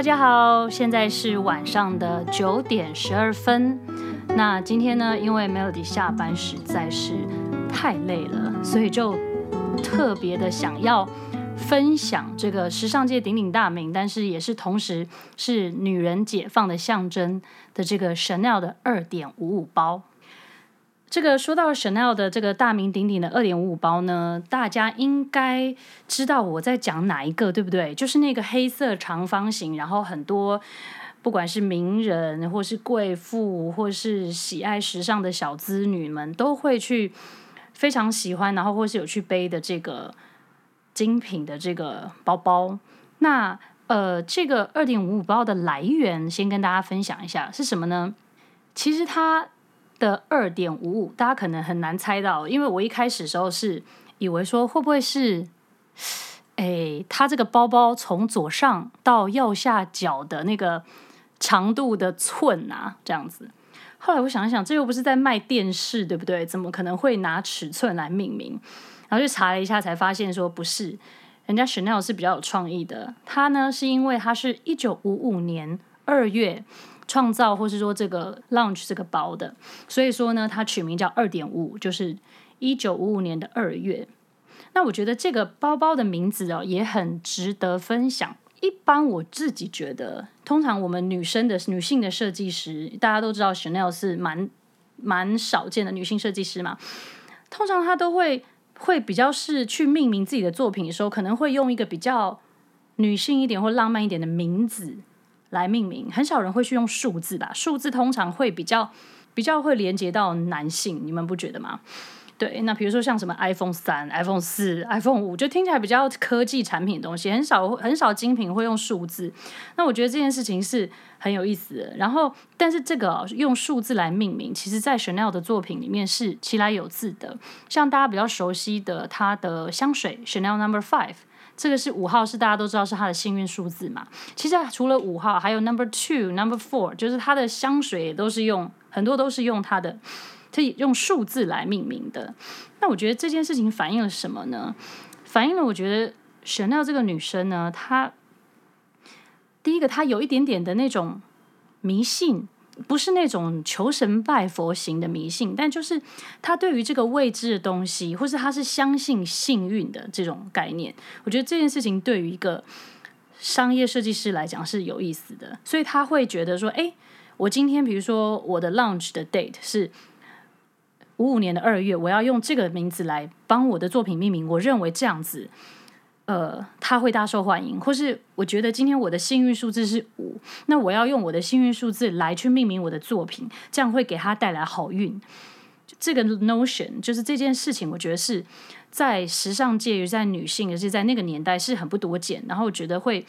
大家好，現在是晚上的九點十二分。那今天呢，因為 Melody 下班實在是太累了，所以就特別的想要分享這個時尚界鼎鼎大名，但是也是同時是女人解放的象徵的這個 Chanel 的二點五五包。這個說到 Chanel 的這個大名鼎鼎的二點五五包呢，大家應該知道我在講哪一個，對不對？就是那個黑色長方形，然後很多不管是名人或是貴婦，或是喜愛時尚的小資女們都會去非常喜歡，然後或是有去背的這個精品的這個包包。那呃，這個二點五五包的來源，先跟大家分享一下是什麼呢？其實它。的二點五五，大家可能很難猜到，因為我一開始的時候是以為說會不會是，誒，它這個包包從左上到右下角的那個長度的寸啊，這樣子。後來我想一想，這又不是在賣電視，對不對？怎麼可能會拿尺寸來命名？然後去查了一下，才發現說不是，人家 Chanel 是比較有創意的，它呢是因為它是一九五五年二月。創造，或是說這個 launch 這個包的，所以說呢，它取名叫二點五，就是一九五五年的二月。那我覺得這個包包的名字哦，也很值得分享。一般我自己覺得，通常我們女生的女性的設計師，大家都知道 Chanel 是蠻蠻少見的女性設計師嘛。通常她都會會比較是去命名自己的作品的時候，可能會用一個比較女性一點或浪漫一點的名字。來命名，很少人會去用數字吧？數字通常會比較比較會連接到男性，你們不覺得嗎？對，那比如說像什麼 3, iPhone 三、iPhone 四、iPhone 五，就聽起來比較科技產品的東西，很少很少精品會用數字。那我覺得這件事情是很有意思的。然後，但是這個、哦、用數字來命名，其實在 Chanel 的作品裡面是其來有自的，像大家比較熟悉的它的香水 Chanel Number Five。這個是五號，是大家都知道是她的幸運數字嘛。其實除了五號，還有 number two、number four，就是她的香水也都是用很多都是用她的，用數字來命名的。那我覺得這件事情反映了什麼呢？反映了我覺得 Chanel 這個女生呢，她第一個她有一點點的那種迷信。不是那種求神拜佛型的迷信，但就是他對於這個未知的東西，或是他是相信幸運的這種概念，我覺得這件事情對於一個商業設計師來講是有意思的，所以他會覺得說：哎，我今天比如說我的 launch 的 date 是五五年的二月，我要用這個名字來幫我的作品命名，我認為這樣子。呃，他會大受歡迎，或是我覺得今天我的幸運數字是五，那我要用我的幸運數字來去命名我的作品，這樣會給他帶來好運。這個 notion 就是這件事情，我覺得是在時尚界、於在女性，而是在那個年代是很不多見，然後我覺得會。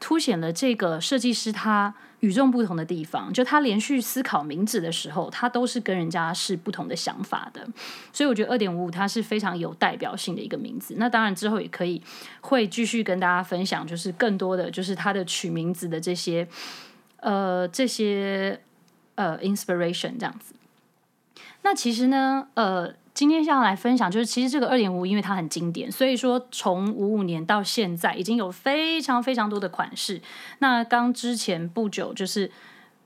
凸顯了這個設計師他與眾不同的地方，就他連續思考名字的時候，他都是跟人家是不同的想法的。所以我覺得二點五五它是非常有代表性的一個名字。那當然之後也可以會繼續跟大家分享，就是更多的就是他的取名字的這些呃這些呃 inspiration 這樣子。那其實呢，呃。今天想要來分享，就是其實這個二點五因為它很經典，所以說從五五年到現在，已經有非常非常多的款式。那剛之前不久，就是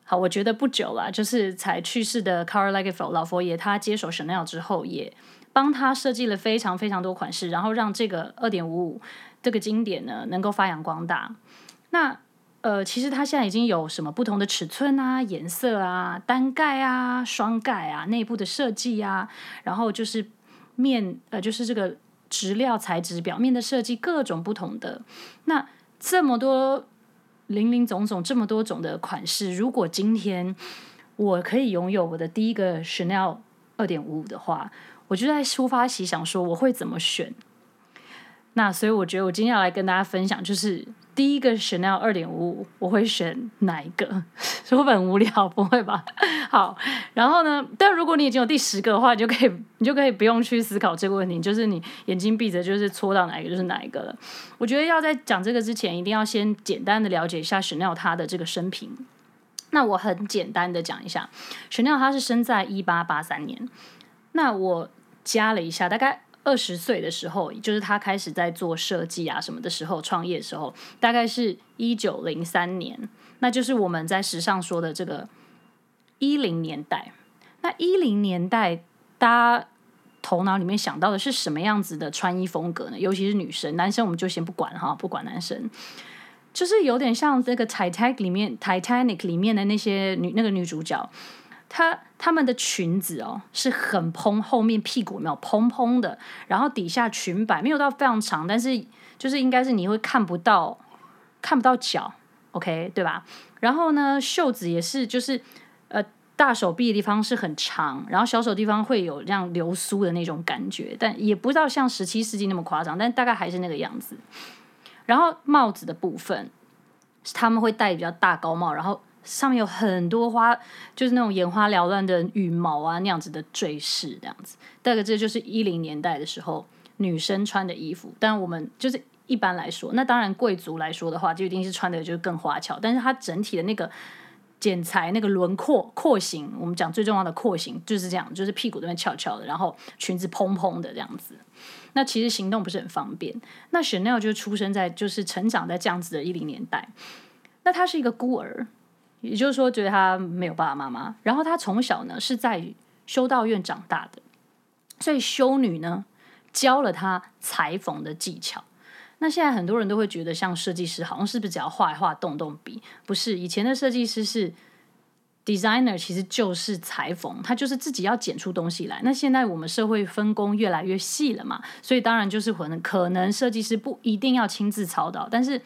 好，我覺得不久了，就是才去世的 Karl Lagerfeld 老佛爺，他接手 Chanel 之後，也幫他設計了非常非常多款式，然後讓這個二點五五這個經典呢，能夠發揚光大。那呃，其實它現在已經有什麼不同的尺寸啊、顏色啊、單蓋啊、雙蓋啊、內部的設計啊，然後就是面呃，就是這個質料材質表、表面的設計，各種不同的。那這麼多林林總總，這麼多種的款式，如果今天我可以擁有我的第一個 Chanel 二點五五的話，我就在突發奇想說，我會怎麼選？那所以我覺得我今天要來跟大家分享就是。第一個 Chanel 二點五五，我會選哪一個？是不是很無聊？不會吧？好，然後呢？但如果你已經有第十個的話，你就可以，你就可以不用去思考這個問題，就是你眼睛閉着，就是戳到哪一個就是哪一個了。我覺得要在講這個之前，一定要先簡單的了解一下 Chanel 他的這個生平。那我很簡單的講一下，Chanel 他是生在一八八三年。那我加了一下，大概。二十歲的時候，就是他開始在做設計啊什麼的時候，創業的時候，大概是一九零三年，那就是我們在時尚說的這個一零年代。那一零年代，大家頭腦裡面想到的是什麼樣子的穿衣風格呢？尤其是女生，男生我們就先不管哈，不管男生，就是有點像這個《Titanic》裡面，《Titanic》裡面的那些女那個女主角。她她們的裙子哦，是很蓬，後面屁股有沒有蓬蓬的，然後底下裙擺沒有到非常長，但是就是應該是你會看不到，看不到腳，OK 對吧？然後呢，袖子也是就是，呃，大手臂的地方是很長，然後小手地方會有這樣流蘇的那種感覺，但也不到像十七世紀那麼誇張，但大概還是那個樣子。然後帽子的部分，是他們會戴比較大高帽，然後。上面有很多花，就是那種眼花繚亂的羽毛啊，那樣子的墜飾，這樣子。大概這就是一零年代的時候女生穿的衣服。但我們就是一般來說，那當然貴族來說的話，就一定是穿的就是更花俏。但是它整體的那個剪裁、那個輪廓、廓形，我們講最重要的廓形就是這樣，就是屁股這邊翹翹的，然後裙子蓬蓬的這樣子。那其實行動不是很方便。那 Chanel 就出生在，就是成長在這樣子的一零年代。那他是一個孤兒。也就是說，覺得他沒有爸爸媽媽，然後他從小呢是在修道院長大的，所以修女呢教了他裁縫的技巧。那現在很多人都會覺得，像設計師好像是不是只要畫一畫、動動筆？不是，以前的設計師是 designer，其實就是裁縫，他就是自己要剪出東西來。那現在我們社會分工越來越細了嘛，所以當然就是可能設計師不一定要親自操刀，但是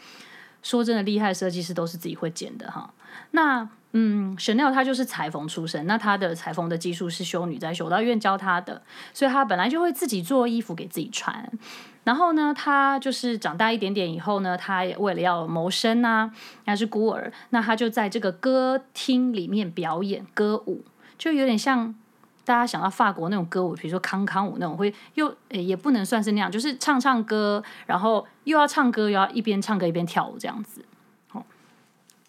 說真的，厲害設計師都是自己會剪的哈。那，嗯，Chanel 他就是裁縫出身。那他的裁縫的技術是修女在修，修道院教他的，所以他本來就會自己做衣服給自己穿。然後呢，他就是長大一點點以後呢，他也為了要謀生啊，她是孤兒，那他就在這個歌廳裡面表演歌舞，就有點像大家想到法國那種歌舞，比如說康康舞那種，會又、欸、也不能算是那樣，就是唱唱歌，然後又要唱歌又要一邊唱歌一邊跳舞這樣子。好，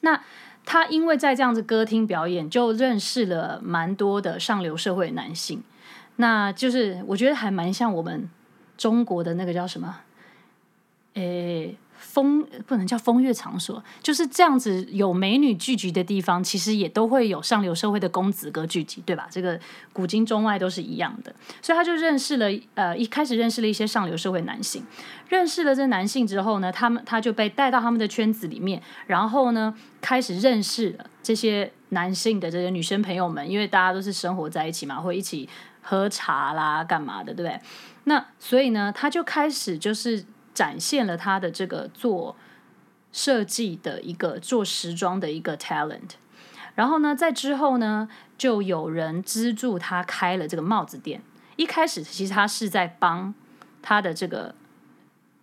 那。他因為在這樣子歌廳表演，就認識了蠻多的上流社會男性，那就是我覺得還蠻像我們中國的那個叫什麼，誒。風不能叫風月場所，就是這樣子有美女聚集的地方，其實也都會有上流社會的公子哥聚集，對吧？這個古今中外都是一樣的，所以他就認識了呃，一開始認識了一些上流社會男性，認識了這男性之後呢，他們他就被帶到他們的圈子裡面，然後呢，開始認識了這些男性的這些女生朋友們，因為大家都是生活在一起嘛，會一起喝茶啦，幹嘛的，對不對？那所以呢，他就開始就是。展現了他的這個做設計的一個做時裝的一個 talent，然後呢，在之後呢，就有人資助他開了這個帽子店。一開始其實他是在幫他的這個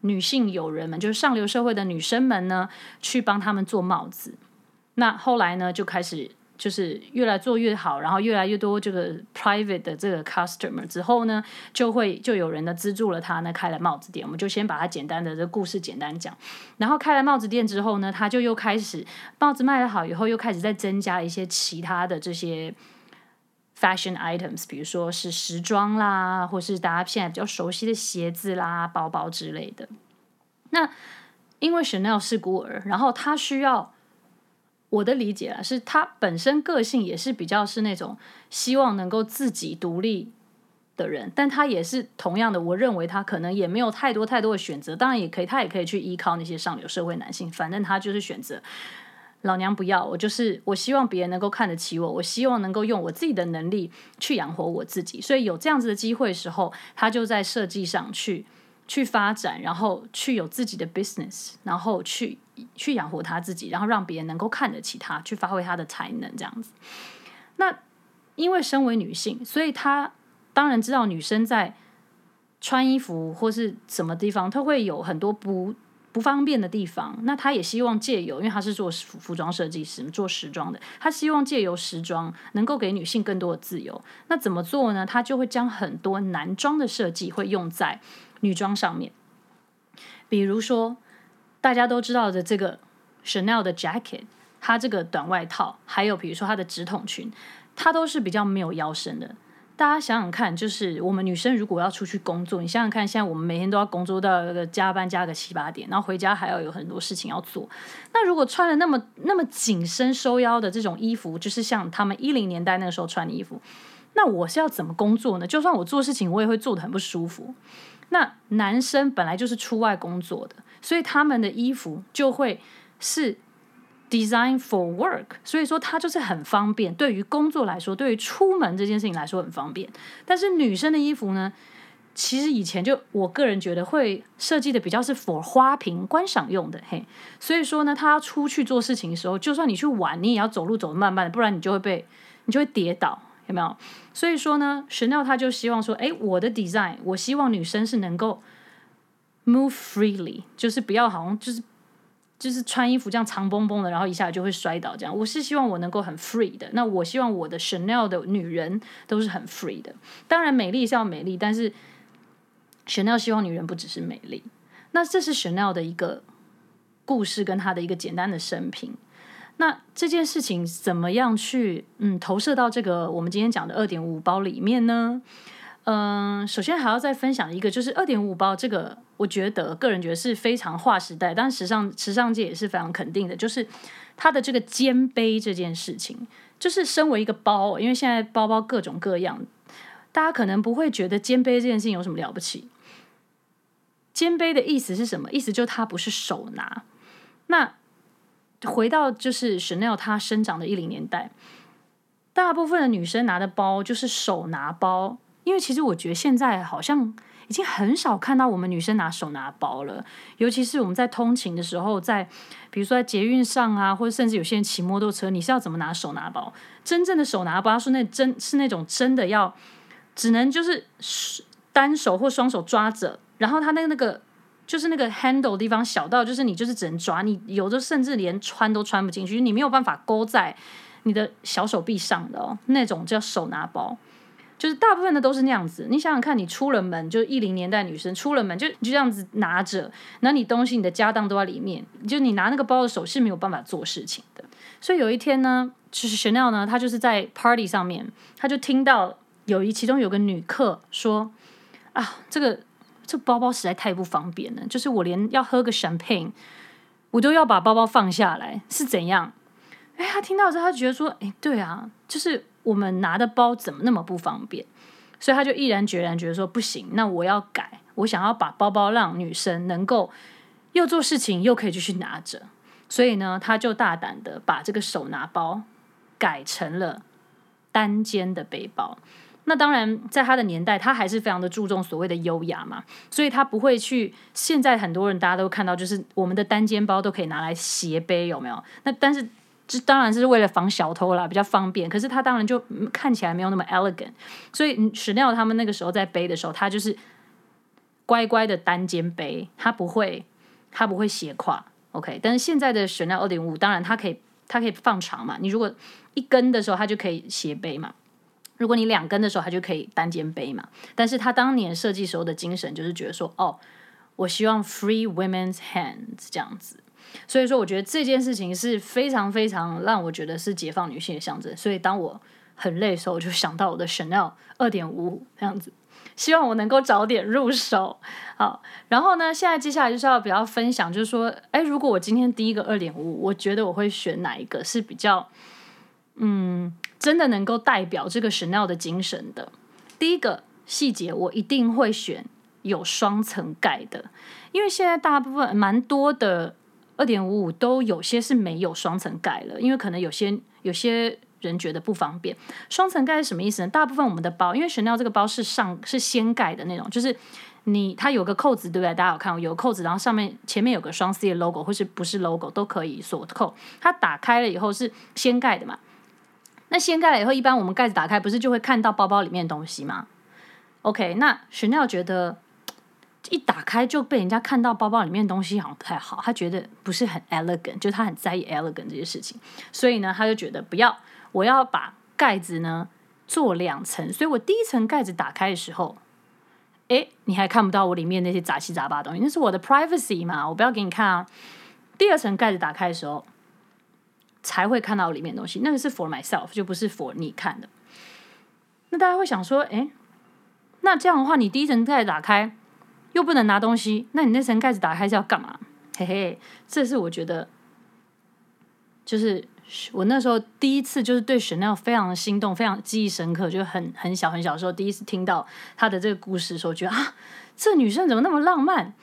女性友人們，就是上流社會的女生們呢，去幫他們做帽子。那後來呢，就開始。就是越來做越好，然後越來越多這個 private 的這個 customer 之後呢，就會就有人呢資助了他呢開了帽子店。我們就先把它簡單的這個、故事簡單講，然後開了帽子店之後呢，他就又開始帽子賣得好以後，又開始再增加一些其他的這些 fashion items，比如說是時裝啦，或是大家現在比較熟悉的鞋子啦、包包之類的。那因為 Chanel 是孤兒，然後他需要。我的理解啊，是她本身個性也是比較是那種希望能夠自己獨立的人，但她也是同樣的，我認為她可能也沒有太多太多的選擇，當然也可以，她也可以去依靠那些上流社會男性，反正她就是選擇老娘不要我，就是我希望別人能夠看得起我，我希望能夠用我自己的能力去養活我自己，所以有這樣子的機會的時候，她就在設計上去。去發展，然後去有自己的 business，然後去去養活他自己，然後讓別人能夠看得起他，去發揮他的才能這樣子。那因為身為女性，所以她當然知道女生在穿衣服或是什麼地方，她會有很多不不方便的地方。那她也希望借由，因為她是做服裝設計師、做時裝的，她希望借由時裝能夠給女性更多的自由。那怎麼做呢？她就會將很多男裝的設計會用在。女裝上面，比如說大家都知道的這個 Chanel 的 jacket，它這個短外套，還有比如說它的直筒裙，它都是比較沒有腰身的。大家想想看，就是我們女生如果要出去工作，你想想看，現在我們每天都要工作到個加班加個七八點，然後回家還要有很多事情要做。那如果穿了那麼那麼緊身收腰的這種衣服，就是像他們一零年代那個時候穿的衣服，那我是要怎麼工作呢？就算我做事情，我也會做得很不舒服。那男生本來就是出外工作的，所以他們的衣服就會是 design for work，所以說它就是很方便。對於工作來說，對於出門這件事情來說很方便。但是女生的衣服呢，其實以前就我個人覺得會設計的比較是 for 花瓶觀賞用的，嘿。所以說呢，他要出去做事情的時候，就算你去玩，你也要走路走得慢慢的，不然你就會被你就會跌倒。有沒有？所以說呢，Chanel 他就希望說，誒，我的 design，我希望女生是能夠 move freely，就是不要好像就是就是穿衣服這樣長崩崩的，然後一下就會摔倒這樣。我是希望我能夠很 free 的，那我希望我的 Chanel 的女人都是很 free 的。當然美麗是要美麗，但是 Chanel 希望女人不只是美麗。那這是 Chanel 的一個故事跟他的一個簡單的生平。那這件事情怎麼樣去嗯投射到這個我們今天講的二點五包裡面呢？嗯、呃，首先還要再分享一個，就是二點五包這個，我覺得個人覺得是非常劃時代，但時尚時尚界也是非常肯定的，就是它的這個肩背這件事情，就是身為一個包，因為現在包包各種各樣，大家可能不會覺得肩背這件事情有什麼了不起。肩背的意思是什麼？意思就是它不是手拿那。回到就是 Chanel 它生長的一零年代，大部分的女生拿的包就是手拿包，因為其實我覺得現在好像已經很少看到我們女生拿手拿包了，尤其是我們在通勤的時候，在比如說在捷運上啊，或者甚至有些人騎摩托車，你是要怎麼拿手拿包？真正的手拿包是那真，是那種真的要只能就是單手或雙手抓着，然後他那個那個。就是那個 handle 地方小到，就是你就是只能抓你，有的甚至連穿都穿不進去，你沒有辦法勾在你的小手臂上的哦。那種叫手拿包，就是大部分的都是那樣子。你想想看，你出了門，就一零年代女生出了門，就你就這樣子拿着，那你東西你的家當都在裡面，就你拿那個包的手是沒有辦法做事情的。所以有一天呢，就是 Chanel 呢，他就是在 party 上面，他就聽到有一其中有個女客說，啊，這個。這包包實在太不方便了，就是我連要喝個 champagne，我都要把包包放下來，是怎樣？哎，他聽到之後，他覺得說，哎，對啊，就是我們拿的包怎麼那麼不方便？所以他就毅然決然覺得說，不行，那我要改，我想要把包包讓女生能夠又做事情又可以繼續拿着。所以呢，他就大膽的把這個手拿包改成了單肩的背包。那當然，在他的年代，他還是非常的注重所謂的優雅嘛，所以他不會去。現在很多人大家都看到，就是我們的單肩包都可以拿來斜背，有沒有？那但是這當然是為了防小偷啦，比較方便。可是他當然就看起來沒有那麼 elegant，所以 Chanel 他們那個時候在背的時候，他就是乖乖的單肩背，他不會他不會斜挎。OK，但是現在的 Chanel 二點五，當然它可以它可以放長嘛，你如果一根的時候，它就可以斜背嘛。如果你兩根的時候，他就可以單肩背嘛。但是他當年設計時候的精神就是覺得說，哦，我希望 free women's hands 這樣子。所以說，我覺得這件事情是非常非常讓我覺得是解放女性的象徵。所以當我很累的時候，我就想到我的 Chanel 二點五五這樣子，希望我能夠早點入手。好，然後呢，現在接下來就是要比較分享，就是說，哎，如果我今天第一個二點五五，我覺得我會選哪一個是比較，嗯。真的能夠代表這個 Chanel 的精神的，第一個細節，我一定會選有雙層蓋的，因為現在大部分蠻多的二點五五都有些是沒有雙層蓋了，因為可能有些有些人覺得不方便。雙層蓋是什麼意思呢？大部分我們的包，因為 Chanel 這個包是上是掀蓋的那種，就是你它有個扣子，對不對？大家有看有扣子，然後上面前面有個雙 C 的 logo 或是不是 logo 都可以鎖扣，它打開了以後是掀蓋的嘛。那掀蓋了以後，一般我們蓋子打開不是就會看到包包裡面的東西嗎？OK，那 Chanel 覺得一打開就被人家看到包包裡面的東西好像不太好，他覺得不是很 elegant，就他很在意 elegant 這些事情，所以呢，他就覺得不要，我要把蓋子呢做兩層，所以我第一層蓋子打開的時候，誒，你還看不到我裡面那些雜七雜八的東西，那是我的 privacy 嘛，我不要給你看啊。第二層蓋子打開的時候。才會看到裡面的東西，那個是 for myself，就不是 for 你看的。那大家會想說，哎，那這樣的話，你第一層蓋打開，又不能拿東西，那你那層蓋子打開是要幹嘛？嘿嘿，這是我覺得，就是我那時候第一次，就是對 Chanel 非常的心動，非常記憶深刻。就很很小很小的時候，第一次聽到他的這個故事，的時候，就覺得啊，這女生怎麼那麼浪漫？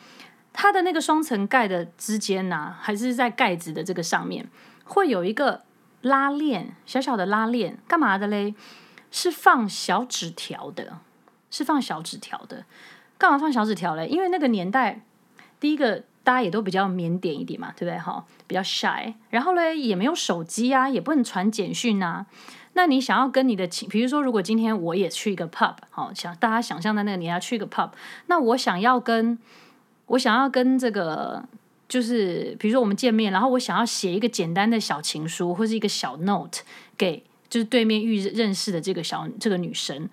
她的那個雙層蓋的之間呢、啊，還是在蓋子的這個上面？會有一個拉鏈，小小的拉鏈，幹嘛的嘞？是放小紙條的，是放小紙條的。幹嘛放小紙條嘞？因為那個年代，第一個，大家也都比較腼腆一點嘛，對不對？哈、哦，比較 shy。然後嘞，也沒有手機啊，也不能傳簡訊啊。那你想要跟你的，比如說，如果今天我也去一個 pub，好、哦、想大家想象在那個年代你要去一個 pub，那我想要跟我想要跟這個。就是比如說我們見面，然後我想要寫一個簡單的小情書或是一個小 note 給就是對面遇認識的這個小這個女生，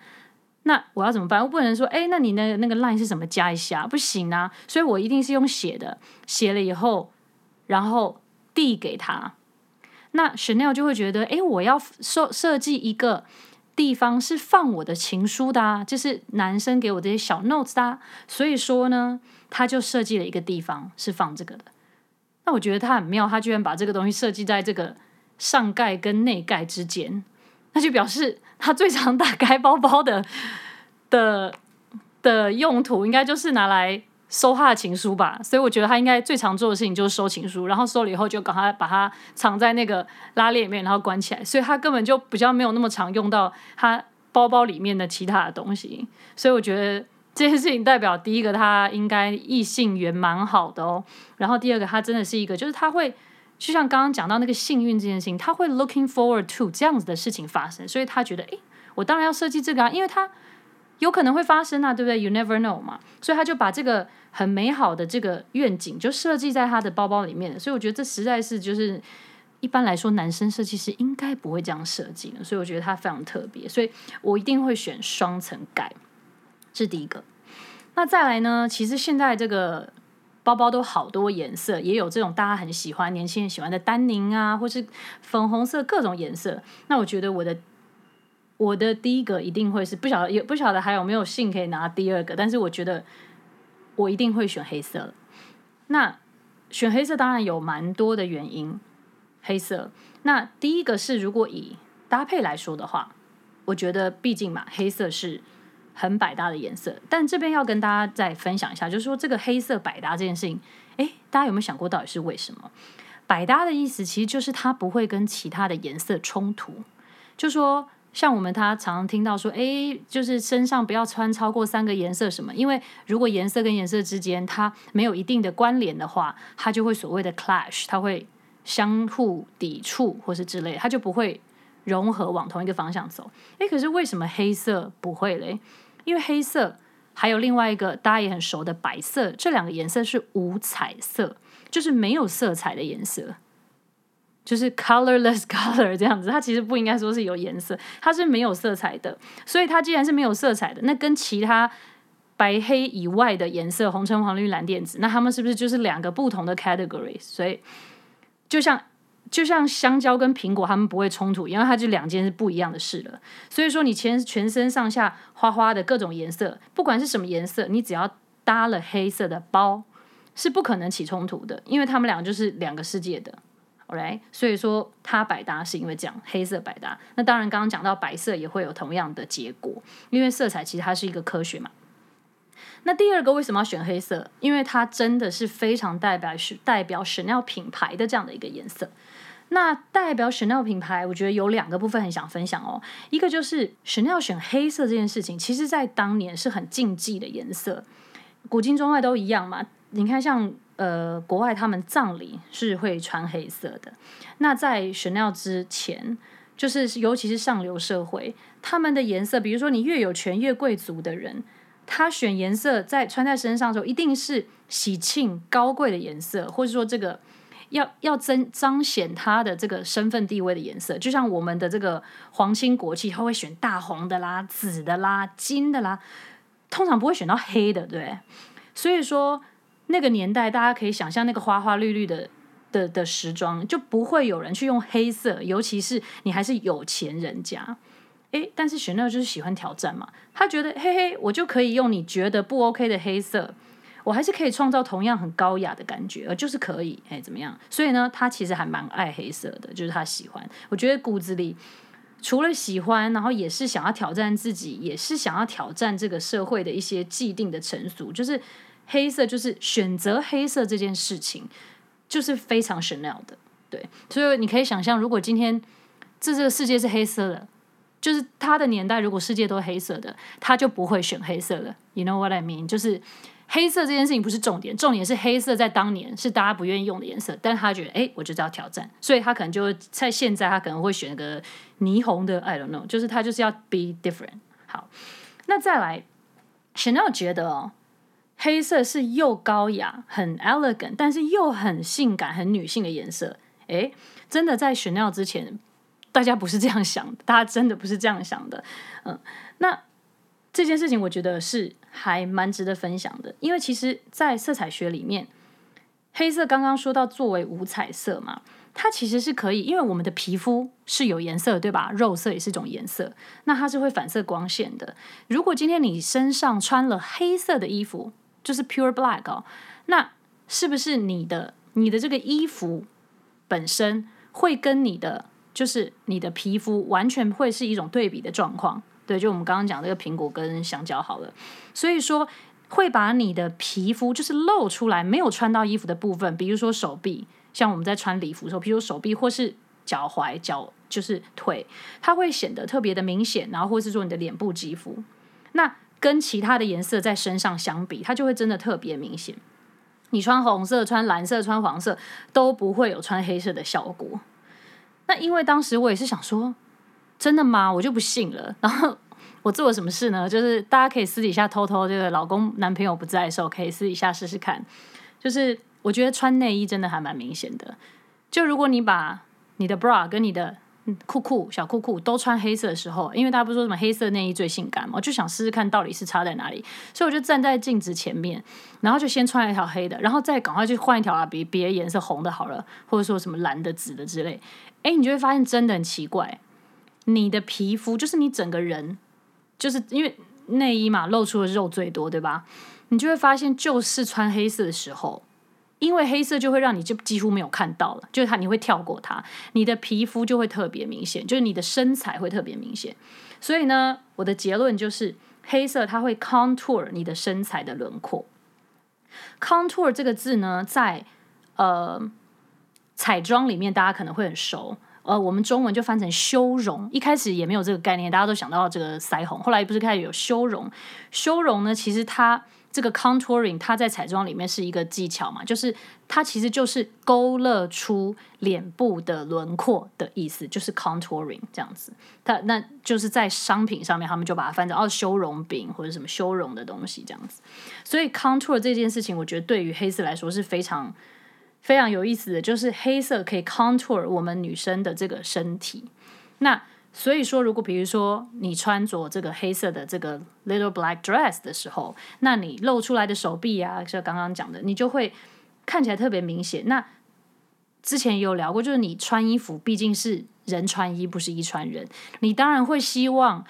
那我要怎麼辦？我不能說哎，那你那個、那個 line 是怎麼加一下？不行啊，所以我一定是用寫的，寫了以後，然後遞給她。那 Chanel 就會覺得哎，我要設設計一個地方是放我的情書的啊，就是男生給我的這些小 notes 的啊。所以說呢。他就設計了一個地方是放這個的，那我覺得他很妙，他居然把這個東西設計在這個上蓋跟內蓋之間，那就表示他最常打開包包的的的用途，應該就是拿來收他的情書吧。所以我覺得他應該最常做的事情就是收情書，然後收了以後就趕快把它藏在那個拉鏈裡面，然後關起來。所以他根本就比較沒有那麼常用到他包包裡面的其他的東西。所以我覺得。這件事情代表第一個，他應該異性緣蠻好的哦。然後第二個，他真的是一個，就是他會，就像剛剛講到那個幸運這件事情，他會 looking forward to 這樣子的事情發生，所以他覺得，哎，我當然要設計這個啊，因為他有可能會發生啊，對不對？You never know 嘛，所以他就把這個很美好的這個願景就設計在他的包包裡面。所以我覺得這實在是就是一般來說男生設計師應該不會這樣設計的，所以我覺得他非常特別，所以我一定會選雙層蓋。是第一個，那再來呢？其實現在這個包包都好多顏色，也有這種大家很喜歡、年輕人喜歡的丹寧啊，或是粉紅色各種顏色。那我覺得我的我的第一個一定會是不曉得，也不曉得還有沒有幸可以拿第二個，但是我覺得我一定會選黑色。那選黑色當然有蠻多的原因，黑色。那第一個是如果以搭配來說的話，我覺得畢竟嘛，黑色是。很百搭的顏色，但這邊要跟大家再分享一下，就是說這個黑色百搭這件事情，誒，大家有沒有想過到底是為什麼？百搭的意思其實就是它不會跟其他的顏色衝突。就說像我們他常常聽到說，哎，就是身上不要穿超過三個顏色什麼，因為如果顏色跟顏色之間它沒有一定的關聯的話，它就會所謂的 clash，它會相互抵觸或是之類，它就不會。融合，往同一個方向走，誒，可是為什麼黑色不會嘞？因為黑色還有另外一個大家也很熟的白色，這兩個顏色是無彩色，就是沒有色彩的顏色，就是 colorless color 這樣子。它其實不應該說是有顏色，它是沒有色彩的。所以它既然是沒有色彩的，那跟其他白黑以外的顏色，紅橙黃綠藍靛紫，那他們是不是就是兩個不同的 categories？所以就像就像香蕉跟蘋果，他們不會衝突，因為他就兩件是不一樣的事了。所以說你，你全全身上下花花的各種顏色，不管是什麼顏色，你只要搭了黑色的包，是不可能起衝突的，因為他們兩個就是兩個世界的，OK？所以說它百搭是因為這樣，黑色百搭。那當然，剛剛講到白色也會有同樣的結果，因為色彩其實它是一個科學嘛。那第二個為什麼要選黑色？因為它真的是非常代表是代表 Chanel 品牌的這樣的一個顏色。那代表 Chanel 品牌，我覺得有兩個部分很想分享哦。一個就是 Chanel 選黑色這件事情，其實在當年是很禁忌的顏色，古今中外都一樣嘛。你看像，像呃國外他們葬禮是會穿黑色的。那在 Chanel 之前，就是尤其是上流社會，他們的顏色，比如說你越有權越貴族的人，他選顏色在穿在身上的時候，一定是喜慶高貴的顏色，或者說這個。要要彰彰顯他的這個身份地位的顏色，就像我們的這個皇親國戚，他會選大紅的啦、紫的啦、金的啦，通常不會選到黑的，對。所以說，那個年代大家可以想象，那個花花綠綠的的的時裝，就不會有人去用黑色，尤其是你還是有錢人家，誒。但是 Chanel 就是喜歡挑戰嘛，他覺得嘿嘿，我就可以用你覺得不 OK 的黑色。我還是可以創造同樣很高雅的感覺，呃，就是可以，哎，怎麼樣？所以呢，他其實還蠻愛黑色的，就是他喜歡。我覺得骨子裡除了喜歡，然後也是想要挑戰自己，也是想要挑戰這個社會的一些既定的成熟。就是黑色，就是選擇黑色這件事情，就是非常 Chanel 的。對，所以你可以想象，如果今天這這個世界是黑色的，就是他的年代，如果世界都是黑色的，他就不會選黑色的。You know what I mean？就是黑色這件事情不是重點，重點是黑色在當年是大家不願意用的顏色，但他覺得，哎，我就是要挑戰，所以他可能就會在現在，他可能會選個霓虹的，I don't know，就是他就是要 be different。好，那再來，Chanel 覺得哦，黑色是又高雅、很 elegant，但是又很性感、很女性的顏色。哎，真的在 Chanel 之前，大家不是這樣想的，大家真的不是這樣想的，嗯，那。這件事情我覺得是還蠻值得分享的，因為其實，在色彩學裡面，黑色剛剛說到作為無彩色嘛，它其實是可以，因為我們的皮膚是有顏色，對吧？肉色也是一種顏色，那它是會反射光線的。如果今天你身上穿了黑色的衣服，就是 pure black 哦，那是不是你的你的這個衣服本身會跟你的就是你的皮膚完全會是一種對比的狀況？對，就我們剛剛講那個蘋果跟香蕉好了，所以說會把你的皮膚就是露出來沒有穿到衣服的部分，比如說手臂，像我們在穿禮服的時候，比如手臂或是腳踝、腳就是腿，它會顯得特別的明顯，然後或是說你的臉部肌膚，那跟其他的顏色在身上相比，它就會真的特別明顯。你穿紅色、穿藍色、穿黃色都不會有穿黑色的效果。那因為當時我也是想說。真的嗎？我就不信了。然後我做了什麼事呢？就是大家可以私底下偷偷，就是這個老公、男朋友不在的時候，可以私底下試試看。就是我覺得穿內衣真的還蠻明顯的。就如果你把你的 bra 跟你的褲褲、小褲褲都穿黑色的時候，因為大家不是說什麼黑色內衣最性感嘛，我就想試試看到底是差在哪裡。所以我就站在鏡子前面，然後就先穿一條黑的，然後再趕快去換一條、啊、別別的顏色紅的，好了，或者說什麼藍的、紫的之類。哎，你就會發現真的很奇怪。你的皮膚就是你整個人，就是因為內衣嘛，露出的肉最多，對吧？你就會發現，就是穿黑色的時候，因為黑色就會讓你就幾乎沒有看到了，就是它，你會跳過它，你的皮膚就會特別明顯，就是你的身材會特別明顯。所以呢，我的結論就是，黑色它會 contour 你的身材的輪廓。contour 這個字呢，在呃彩妝裡面，大家可能會很熟。呃，我們中文就翻成修容，一開始也沒有這個概念，大家都想到這個腮紅。後來不是開始有修容，修容呢，其實它這個 contouring，它在彩妝裡面是一個技巧嘛，就是它其實就是勾勒出臉部的輪廓的意思，就是 contouring 這樣子。那那就是在商品上面，他們就把它翻成哦修容餅或者什麼修容的東西這樣子。所以 contour 這件事情，我覺得對於黑色來說是非常。非常有意思的就是黑色，可以 contour 我們女生的這個身體，那所以說，如果比如說你穿着這個黑色的這個 little black dress 的時候，那你露出來的手臂呀、啊，就剛剛講的，你就會看起來特別明顯。那之前有聊過，就是你穿衣服畢竟是人穿衣，不是衣穿人，你當然會希望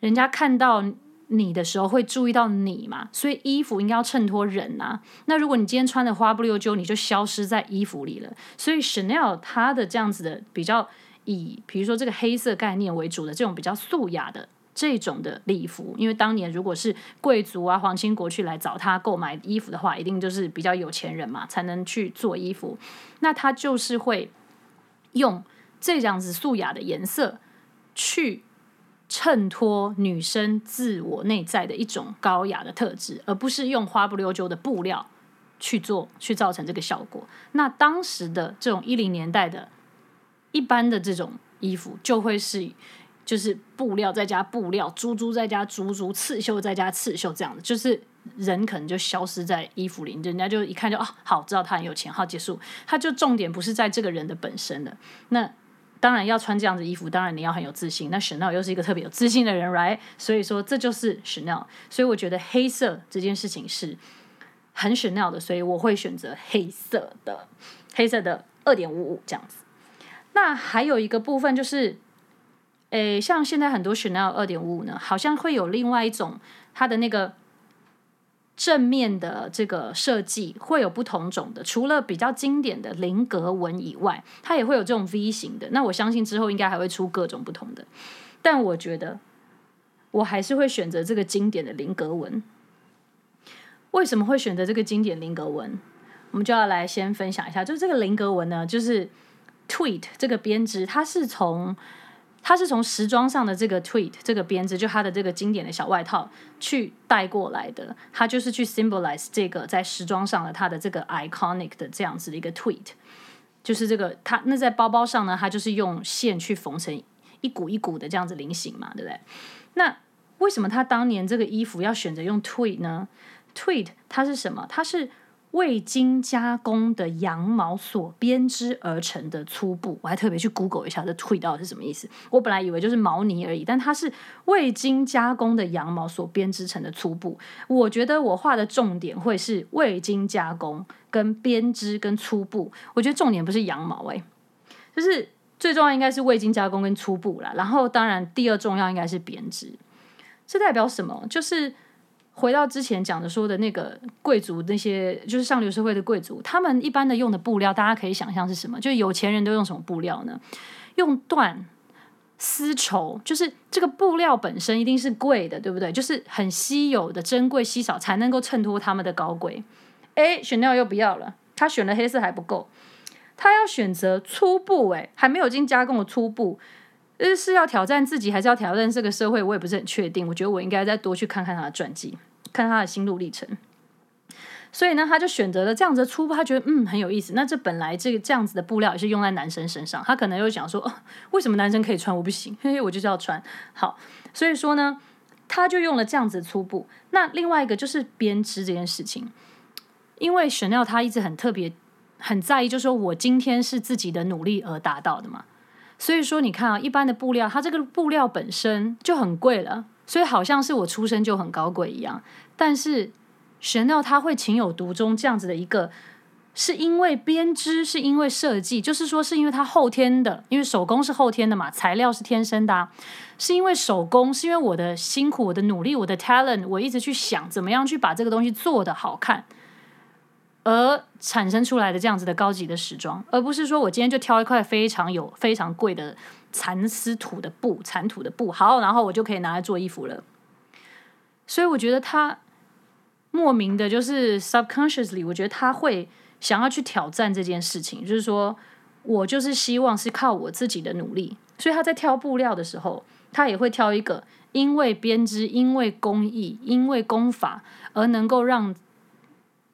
人家看到。你的時候會注意到你嘛。所以衣服應該要襯托人吶、啊。那如果你今天穿的花不溜秋，你就消失在衣服裡了。所以 Chanel 它的這樣子的比較以，比如說這個黑色概念為主的這種比較素雅的這種的禮服，因為當年如果是貴族啊、皇親國戚來找他購買衣服的話，一定就是比較有錢人嘛才能去做衣服。那他就是會用這，這樣子素雅的顏色去。襯托女生自我內在的一種高雅的特質，而不是用花不溜秋的布料去做去造成這個效果。那當時的這種一零年代的一般的這種衣服，就會是就是布料再加布料，珠珠再加珠珠，刺繡再加刺繡，這樣的就是人可能就消失在衣服裡，人家就一看就啊、哦，好知道他很有錢，好結束。他就重點不是在這個人的本身的那。當然要穿這樣的衣服，當然你要很有自信。那 Chanel 又是一個特別有自信的人，right？所以說這就是 Chanel。所以我覺得黑色這件事情是很 Chanel 的，所以我會選擇黑色的，黑色的二點五五這樣子。那還有一個部分就是，誒，像現在很多 Chanel 二點五五呢，好像會有另外一種它的那個。正面的這個設計會有不同種的，除了比較經典的菱格紋以外，它也會有這種 V 型的。那我相信之後應該還會出各種不同的，但我覺得我還是會選擇這個經典的菱格紋。為什麼會選擇這個經典菱格紋？我們就要來先分享一下，就是這個菱格紋呢，就是 tweed 這個編織，它是從。它是從時裝上的這個 tweed 這個編織，就它的這個經典的小外套去帶過來的，它就是去 symbolize 這個在時裝上的它的這個 iconic 的這樣子的一個 tweed 就是這個它。那在包包上呢，它就是用線去縫成一股一股的這樣子菱形嘛，對不對？那為什麼它當年這個衣服要選擇用 tweed 呢？tweed 它是什麼？它是未經加工的羊毛所編織而成的粗布，我還特別去 Google 一下這 twill 到底是什麼意思。我本來以為就是毛呢而已，但它是未經加工的羊毛所編織成的粗布。我覺得我畫的重點會是未經加工、跟編織、跟粗布。我覺得重點不是羊毛、欸，誒，就是最重要應該是未經加工跟粗布啦。然後當然，第二重要應該是編織。這代表什麼？就是。回到之前講的說的那個貴族，那些就是上流社會的貴族，他們一般的用的布料，大家可以想象是什麼？就是有錢人都用什麼布料呢？用緞、絲綢，就是這個布料本身一定是貴的，對不對？就是很稀有的、珍貴稀少，才能夠襯托他們的高貴。誒，選料又不要了，他選了黑色還不夠，他要選擇粗布、欸，誒，還沒有進加工的粗布。是是要挑戰自己，還是要挑戰這個社會？我也不是很確定。我覺得我應該再多去看看他的傳記，看他的心路歷程。所以呢，他就選擇了這樣子的粗布，他覺得嗯很有意思。那這本來這個這樣子的布料也是用在男生身上，他可能又想說，哦，為什麼男生可以穿，我不行，嘿嘿，我就是要穿。好，所以說呢，他就用了這樣子粗布。那另外一個就是編織這件事情，因為選料，他一直很特別，很在意，就是說我今天是自己的努力而達到的嘛。所以說，你看啊，一般的布料，它這個布料本身就很貴了，所以好像是我出生就很高貴一樣。但是，Chanel 它會情有獨鍾這樣子的一個，是因為編織，是因為設計，就是說是因為它後天的，因為手工是後天的嘛，材料是天生的，啊，是因為手工，是因為我的辛苦、我的努力、我的 talent，我一直去想怎麼樣去把這個東西做得好看。而產生出來的這樣子的高級的時裝，而不是說我今天就挑一塊非常有非常貴的蠶絲土的布，蠶土的布好，然後我就可以拿來做衣服了。所以我覺得他莫名的就是 subconsciously，我覺得他會想要去挑戰這件事情，就是說我就是希望是靠我自己的努力。所以他在挑布料的時候，他也會挑一個因為編織、因為工藝、因為工法而能夠讓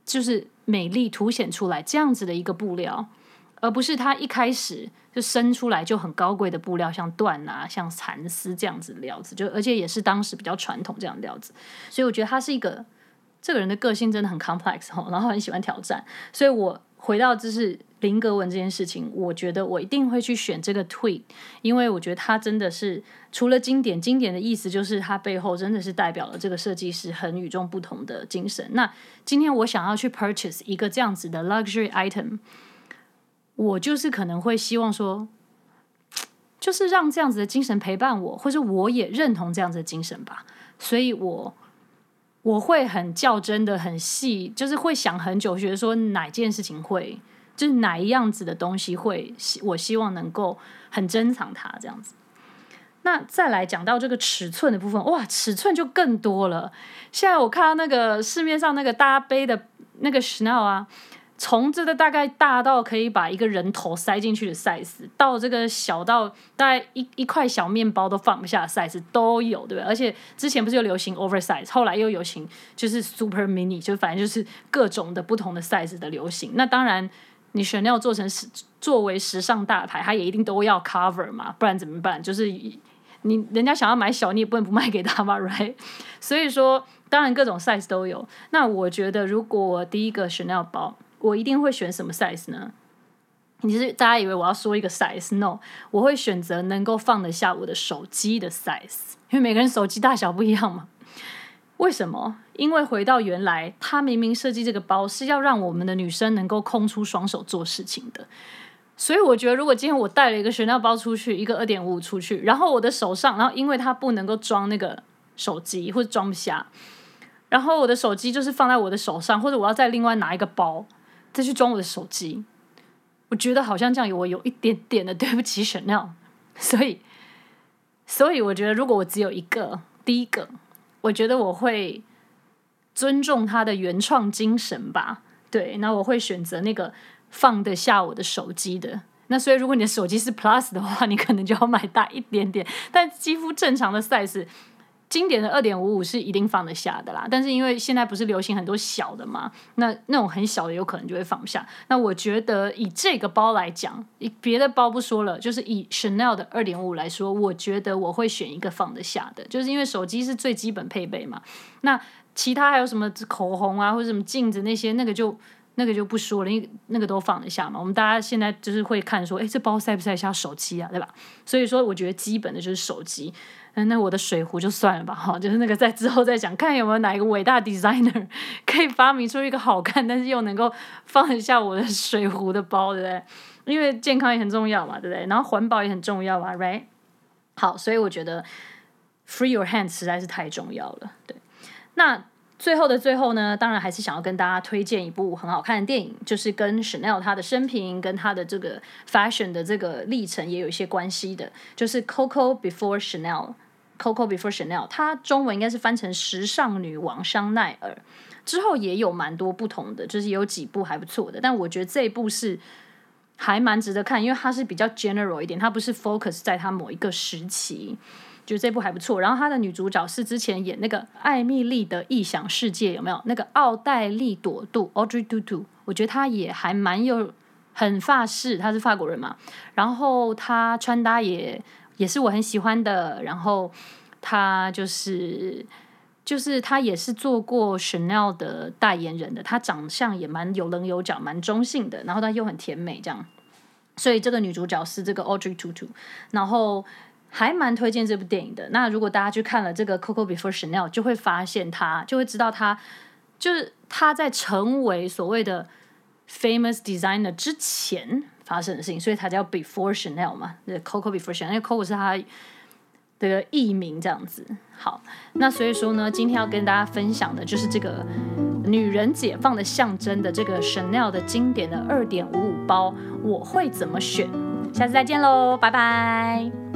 就是。美麗凸顯出來，這樣子的一個布料，而不是他一開始就生出來就很高貴的布料，像緞啊、像蠶絲這樣子的料子，就而且也是當時比較傳統這樣的料子。所以我覺得他是一個這個人的個性真的很 complex 吼，然後很喜歡挑戰。所以我回到就是。菱格紋這件事情，我覺得我一定會去選這個 tweet，因為我覺得他真的是除了經典，經典的意思就是他背後真的是代表了這個設計師很與眾不同的精神。那今天我想要去 purchase 一個這樣子的 luxury item，我就是可能會希望說，就是讓這樣子的精神陪伴我，或者我也認同這樣子的精神吧。所以我，我我會很較真的、很細，就是會想很久，覺得說哪件事情會。就是哪一樣子的東西會，希我希望能夠很珍藏它，這樣子。那再來講到這個尺寸的部分，哇，尺寸就更多了。現在我看到那個市面上那個大家背的那個 Chanel 啊，從這個大概大到可以把一個人頭塞進去的 size，到這個小到大概一一塊小麵包都放不下 size 都有，對不對？而且之前不是有流行 oversize，後來又有型，就是 super mini，就反正就是各種的不同的 size 的流行。那當然。你 Chanel 做成時作為時尚大牌，它也一定都要 cover 嘛，不然怎麼辦？就是你人家想要買小，你也不能不賣給他吧，right？所以說，當然各種 size 都有。那我覺得，如果我第一個 Chanel 包，我一定會選什麼 size 呢？你是大家以為我要說一個 size？No，我會選擇能夠放得下我的手機的 size，因為每個人手機大小不一樣嘛。為什麼？因為回到原來，他明明設計這個包是要讓我們的女生能夠空出雙手做事情的。所以我覺得，如果今天我帶了一個 Chanel 包出去，一個二點五五出去，然後我的手上，然後因為它不能夠裝那個手機，或者裝不下，然後我的手機就是放在我的手上，或者我要再另外拿一個包再去裝我的手機。我覺得好像這樣，我有一點點的對不起 Chanel。所以，所以我覺得，如果我只有一個，第一個。我覺得我會尊重他的原創精神吧，對，那我會選擇那個放得下我的手機的。那所以，如果你的手機是 Plus 的話，你可能就要買大一點點，但幾乎正常的 size。經典的二點五五是一定放得下的啦，但是因為現在不是流行很多小的嘛，那那種很小的有可能就會放不下。那我覺得以這個包來講，以別的包不說了，就是以 Chanel 的二點五來說，我覺得我會選一個放得下的，就是因為手機是最基本配備嘛。那其他還有什麼口紅啊，或者什麼鏡子那些，那個就那個就不說了，那個都放得下嘛。我們大家現在就是會看說，誒，這包塞不塞下手機啊，對吧？所以說我覺得基本的就是手機。那那我的水壺就算了吧哈、哦，就是那個在之後再想看有沒有哪一個偉大 designer 可以發明出一個好看，但是又能夠放一下我的水壺的包，對不對？因為健康也很重要嘛，對不對？然後環保也很重要啊 right？好，所以我覺得 free your hand 實在是太重要了，對。那最後的最後呢，當然還是想要跟大家推薦一部很好看的電影，就是跟 Chanel 他的生平跟他的這個 fashion 的這個歷程也有一些關係的，就是 Coco before Chanel。Coco co Before Chanel，它中文應該是翻成“時尚女王香奈兒”。之後也有蠻多不同的，就是有幾部還不錯的，但我覺得這一部是還蠻值得看，因為它是比較 general 一點，它不是 focus 在它某一個時期，就這部還不錯。然後它的女主角是之前演那個《艾蜜莉的異想世界》，有沒有？那個奧黛麗·朵度 （Audrey Du Du），我覺得她也還蠻有很法式，她是法國人嘛，然後她穿搭也。也是我很喜歡的，然後他就是就是他也是做過 Chanel 的代言人的，他長相也蠻有稜有角，蠻中性的，然後他又很甜美這樣，所以這個女主角是這個 Audrey Tautou，然後還蠻推薦這部電影的。那如果大家去看了這個 Coco Before Chanel，就會發現他就會知道他就是他在成為所謂的 famous designer 之前。發生的事情，所以它叫 Before Chanel 嘛，就是 Coco Before Chanel，因為 Coco 是它的藝名這樣子。好，那所以說呢，今天要跟大家分享的就是這個女人解放的象徵的這個 Chanel 的經典的二點五五包，我會怎麼選？下次再見嘍，拜拜。